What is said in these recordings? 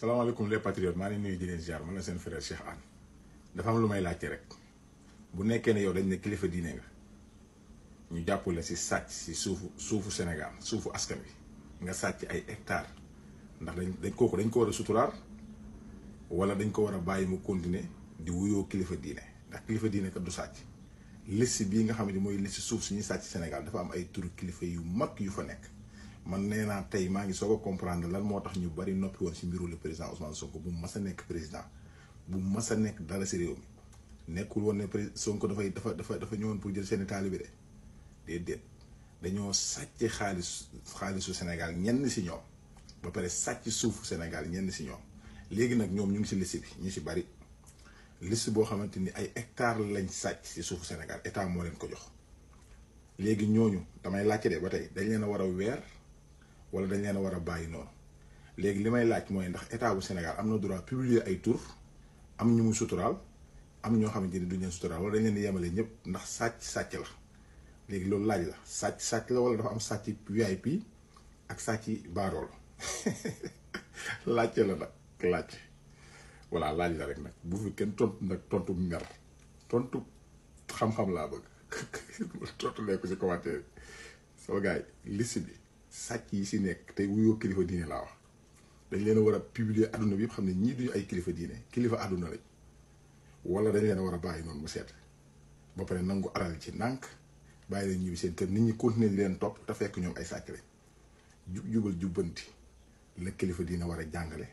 salaamaaleykum les patriotes maa ngi nuyu di leen ziar man seen frère Cheikh Anne dafa am lu may laajte rek bu nekkee ne yow dañ ne kilifa diine nga ñu jàppale si sàcc si suufu suufu Sénégal suufu askan bi nga sàcc ay hectares ndax dañ dañ kooku dañ ko war a suturaar wala dañ ko war a bàyyi mu continuer di wuyoo kilifa diine ndax kilifa diine kat du sàcc liste bii nga xam ne mooy liste suuf suñuy sàcc Sénégal dafa am ay turu kilifa yu mag yu fa nekk. man nee naa tey maa ngi soog a comprendre lan moo tax ñu bari noppi woon ci mbiru le président Ousmane Sonko bu mas a nekk président bu mas a nekk dala si réew mi nekkul woon ne président Sonko dafay dafa dafa dafa ñëwoon pour jël seeni taalibe de déedéet dañoo sàcc xaalis xaalisu Sénégal ñenn si ñoom ba pare sàcc suufu Sénégal ñenn ci ñoom léegi nag ñoom ñu ngi si liste bi ñu si bari liste boo xamante ni ay hectares lañ sàcc si suufu Sénégal état moo leen ko jox léegi ñooñu damay laajte ba tey dañ leen a war a weer. wala dañ leen war a bàyyi noonu léegi li may laaj mooy ndax état bu Sénégal am na droit publier ay tour am ñu mu suturaal am ñoo xamante ni duñ leen suturaal wala dañ leen di yemale ñëpp ndax sàcc sàcc la léegi loolu laaj la sàcc sàcc la wala dafa am sàcc VIP ak sàcc baaroo la la nag laaj voilà laaj la rek nag bu fi kenn tontu nag tontu mer tontu xam-xam laa bëgg tontu lee ko ci commentaire sama gars yi liste bi. sàcc yi si nekk tey wuyoo kilifa diine laa wax dañ leen a war a publier àdduna bi yëpp xam ne ñii duñu ay kilifa diine kilifa àdduna lañ wala dañ leen war a bàyyi noonu mu seet ba pare nangu alal ci nànk bàyyi leen ñibbi seen kër nit ñi continuer leen topp te fekk ñoom ay sàcc lañ jubal jubbanti la kilifa diine war a jàngale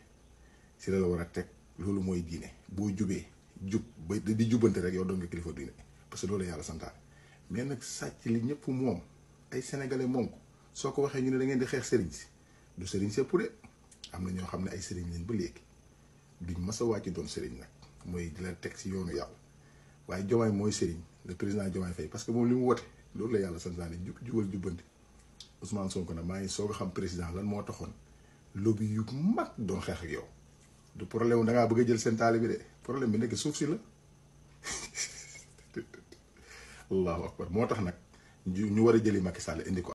si la war a teg loolu mooy diine boo jubee jub ba di jubbante rek yow doon kilifa diine parce que loolu yàlla santaane mais nag sàcc li ñëpp moom ay sénégalais moom soo ko waxee ñu ne da ngeen di xeex sëriñ si du sëriñ see pure am na ñoo xam ne ay sëriñ leen ba léegi duñ mas sa wàcc doon sëriñ nag mooy di la teg si yoonu yàlla waaye Diomaye mooy sëriñ le président Diomaye Faye parce que moom li mu wote loolu la yàlla santaane jub jubal jubbanti Ousmane Sonko nag maa ngi soog xam président lan moo taxoon lobby yu mag xeex yow du problème da bëgg a jël seen taali bi de problème bi nekk suuf si la allahu akbar moo tax nag ñu war a jëli Macky Sall indi ko